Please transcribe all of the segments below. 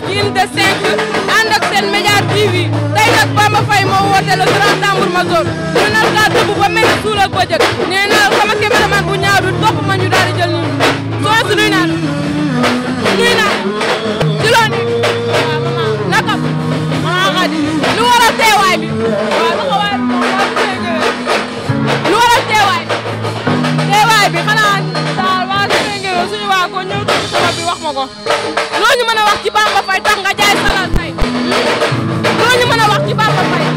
ci unité 5 ànd ak seen média TV tey nag Bamba Faye moo woote le grand tambour major ñu nar kaa dugg ba mel suul ak bëjëk nee na sama caméraman bu ñaaw bi topp ma ñu daal di jël nii soosu nuy naa nuy naa ci loo ni naka maa xadi lu war a teewaay bi waaw taxawaay bi lu war a teewaay bi teewaay bi xanaa suñu waa ko ñëw tudd sama bi wax ma loo ñu mën a wax ci Bamba Faye tax nga jaay salal tey loo ñu mën a wax ci Bamba Faye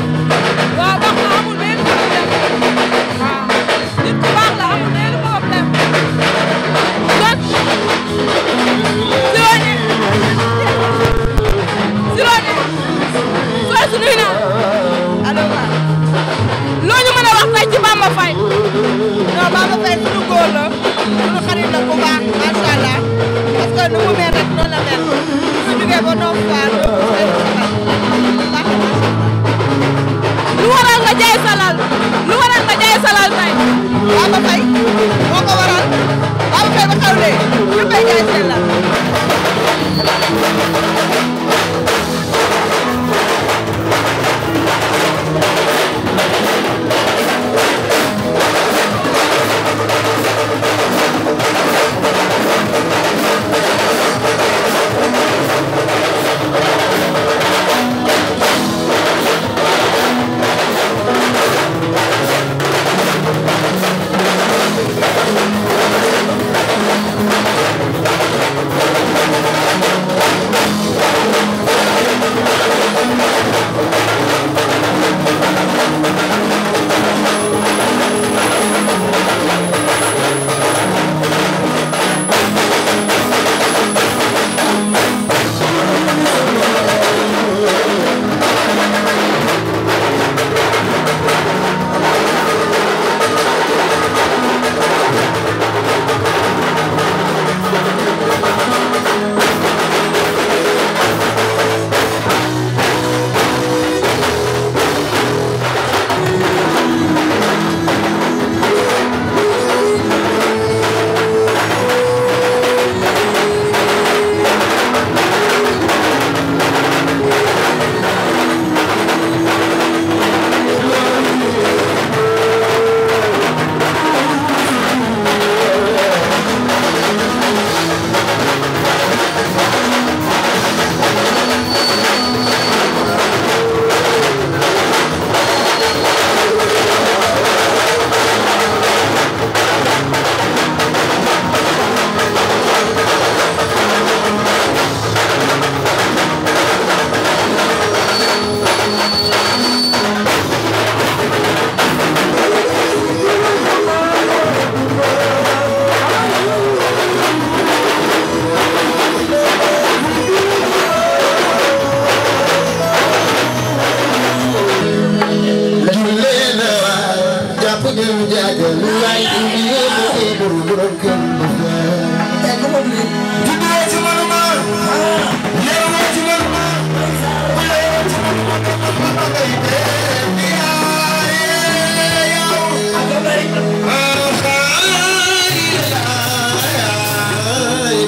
waaw wax nga amul benn problème waaw nit ku baax la amul benn problème kon Sironé loo ñu mën a wax tey ci Bamba Faye lu waral nga jaay salal lu waral nga jaay salal tey Baba Faye moo ko waral Baba Faye ba xawle ñu koy jaay salal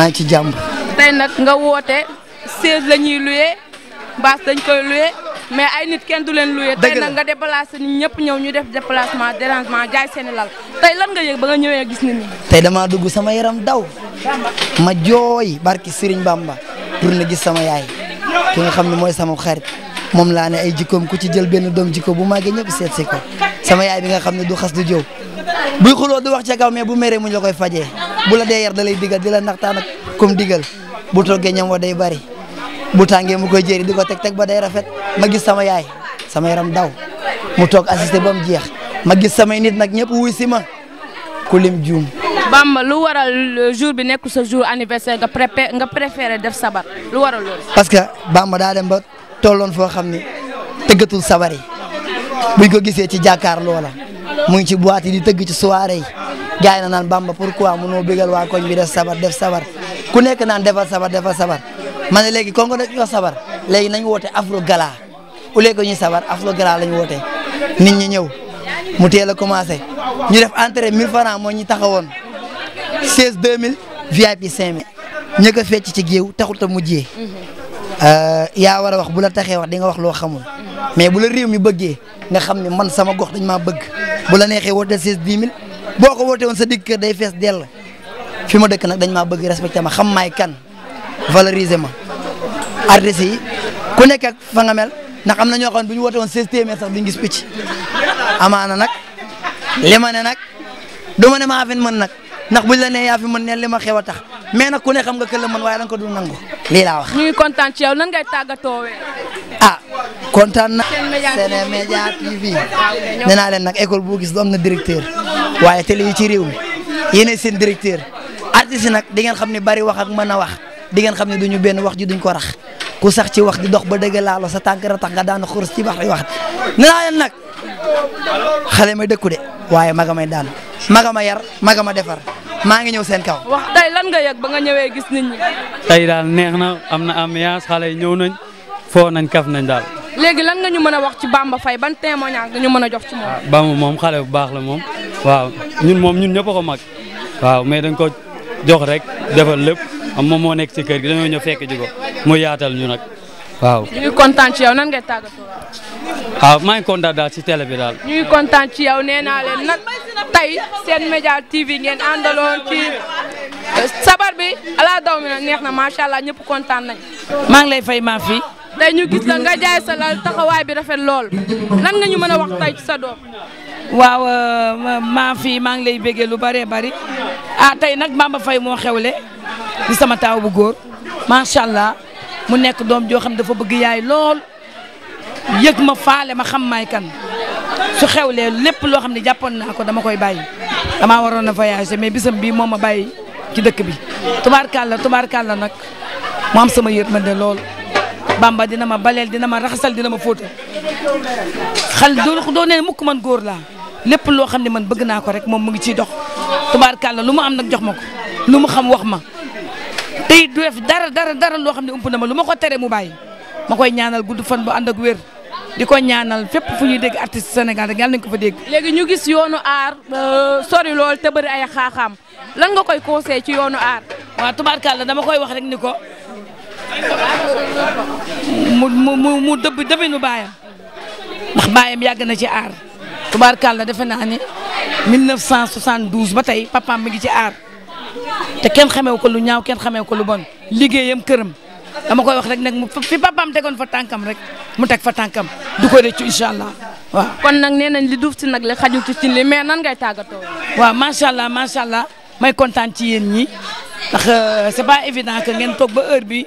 maa ngi ci jàmm. nga woote siège la ñuy loué baas dañ koy loué mais ay nit kenn du leen loué. nga déplacé nit ñëpp ñëw ñu def déplacement dérangement jaay seeni lal tey lan nga yëg ba nga ñëwee gis tey damaa dugg sama yaram daw ma jooy barki Serigne Bamba pour na gis sama yaay ki nga xam ne mooy sama xarit moom laa ne ay jikkoom ku ci jël benn doom jikko bu màggee ñëpp seet si ko sama yaay bi nga xam ne du xas du jëw buy xuloo du wax ca kaw mais bu meree muñ la koy fajee. bu la yar dalay lay digal di ak kum digal bu toge ñam wa day bari bu tangé mu koy jëri diko tek tek ba day rafet ma gis sama yaay sama yaram daw mu tok assisté bam jeex ma gis sama nit nak ñëpp wuy si ma ku lim juum. Bamba lu waral jour bi nekku sa jour anniversaire nga prépé nga préféré def sabar lu waral lool parce que bam da dem ba tolloon fo xamni teggatul sabari ko gisé ci jakar loola mu ngi ci boîte yi di tëgg ci soirée yi gars yi na naan Bamba pourquoi mënoo bégal waa koñ bi def sabar def sabar ku nekk naan defal sabar defal sabar ma ne léegi kon ko dañoo sabar léegi nañu woote afro gala au lieu que ñuy sabar afro gala lañ woote nit ñi ñëw mu teel a commencé ñu def entrée 1000 francs moo ñu taxawoon 16 2000 VIP 5000 ña ko fecc ci géew taxul ta mujjee mhm. euh, yaa war a wax bu la taxee wax di nga wax loo xamul mais bu la réew mi nga xam ne man sama gox dañ maa bëgg bu la neexee woote seize dix mille boo ko wootee woon sa digg kër day fees dell fi ma dëkk nag dañ maa bëgg respecté ma xam maay kan valoriser ma artiste yi ku nekk ak fa nga mel ndax am na ñoo bu ñu woote woon seize téeméer sax duñ gis picc amaana nag li ma ne nag du ma ne maa fi mën nag ndax buñ la nee yaa fi mën ne li ma xew a tax mais nag ku ne xam nga kër la mën waaye da ko dul nangu lii laa wax. ñu ngi kontaan ci yow kontaan na Senemedia TV nee naa leen nag école boo gis du na directeur waaye télé yi ci réew mi yéenay seen directeur artistes yi nag di ngeen xam ne bari wax ak mën a wax di ngeen xam ne duñu benn wax ji duñ ko rax ku sax ci wax di dox ba dëgg laalo sa tànk ratax nga daana xurus ci bax lay wax nee naa leen nag xale ma dëkku de waaye maga may daan maga ma yar maga ma defar maa ngi ñëw seen kaw. wax tey lan nga yëg ba nga ñëwee gis nit ñi. tey neex na am na ambiance xale yi ñëw nañ foo nañ kaf nañ daal. léegi lan nga ñu mën a wax ci baam ba fay ban témoignage nga ñu mën a jox ci moom. waaw ah, moom xale bu baax la moom waaw ñun moom ñun ñëpp a ko mag waaw mais dañ ko jox rek defal lépp am moom moo nekk ci kër gi dañoo ñëw fekk ji ko mu yaatal ñu nag. waaw ñu ngi kontaan ci yow nan ngay tàggatoo waaw ah, maa ngi kontaan daal ci télé bi daal. ñu kontaan ci yow nee naa leen tey seen média TV ngeen àndaloon ci euh, sabar bi ala daw mi na neex na macha allah ñëpp kontaan nañ maa ngi lay fay maa fi. tey ñu gis la nga jaay sa la taxawaay bi rafet lool lan nga ñu mën a wax sa doom. waaw euh, maa fii maa ngi lay béggee lu bëree bari ah tey nag Bamba fay moo xewle di sama taaw bu góor macha allah mu nekk doom joo xam dafa bëgg yaay lool yëg ma faale ma xam maay kan su xewlee lépp loo xam ne jàppoon naa ko dama koy bàyyi damaa waroon a voyager mais bisam bii moom ma bàyyi ci dëkk bi tubaarkàlla tubaarkàlla nag moo am sama yërmande lool. bamba dina ma baleel dina ma raxasal dina ma foote xal doo doo nee mukk man góor laa lépp loo xam ne man bëgg naa ko rek moom mu ngi ciy dox tubaarkàlla lu mu am nag jox ma ko lu mu xam wax ma tey du def dara dara dara loo xam ne ump na ma lu ma ko tere mu bàyyi ma koy ñaanal gudd fan bu ànd ak wér di ko ñaanal fépp fu ñuy dégg artiste Sénégal rek yàlla nañu ko fa dégg. léegi ñu gis yoonu aar euh, sori lool te bëri ay xaaxaam lan nga koy conseillé ci yoonu aar. waaw tubaarkàlla dama koy wax rek ni ko. mu mu mu dëbb dëbbinu baayam ndax baayam yàgg na ci aar tubaarkàlla defe naa ne 1972 ba tey papam mi ngi ci aar te kenn xamew ko lu ñaaw kenn xamew ko lu bon liggéeyam këram dama koy wax rek nag mu fi papaam tegoon fa tànkam rek mu teg fa tànkam du ko ci incha allah waaw. kon nag nee nañ li duuf si nag li xajul ci li mais nan ngay tàggatoo. waaw macha allah macha allah may kontaan ci yéen ñi ndax euh, c'est pas évident que ngeen toog ba heure bi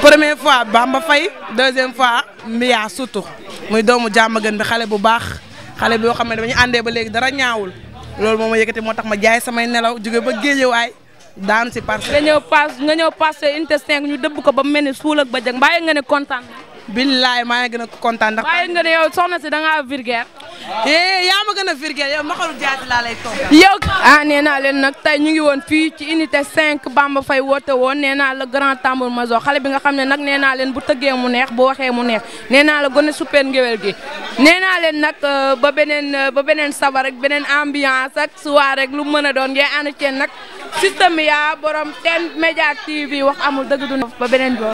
première fois Bamba Faye deuxième fois Mia surtout muy doomu jàmmagën bi xale bu baax xale bi yoo xam ne dañu àndee ba léegi dara ñaawul loolu moom ma yëkkati moo tax ma jaay samay nelaw jóge ba géejewaay daan si parce nga ñëw pass nga ñëw passé intestin ñu dëbb ko ba mu mel ni suul ak ba jag mbaa nga ne kontaan billaay maa ngi gën a kontaan ndax. waaye nga ne yow soxna si da ngaa vulgaire. eh yaa ma gën a vulgaire yow ma jaati laa lay toog. yow ah nee naa leen nag tey ñu ngi woon fii ci unité 5 Bamba Faye woote woon nee naa la grand tambour major xale bi nga xam ne nag nee naa leen bu tëggee mu neex bu waxee mu neex nee naa la gone super ngéwél gi. nee naa leen nag euh, ba beneen euh, ba beneen sabar rek beneen ambiance ak soir rek lu mën a doon ngay ànd ceen nag système yaa borom ten média wax amul dëgg du ba beneen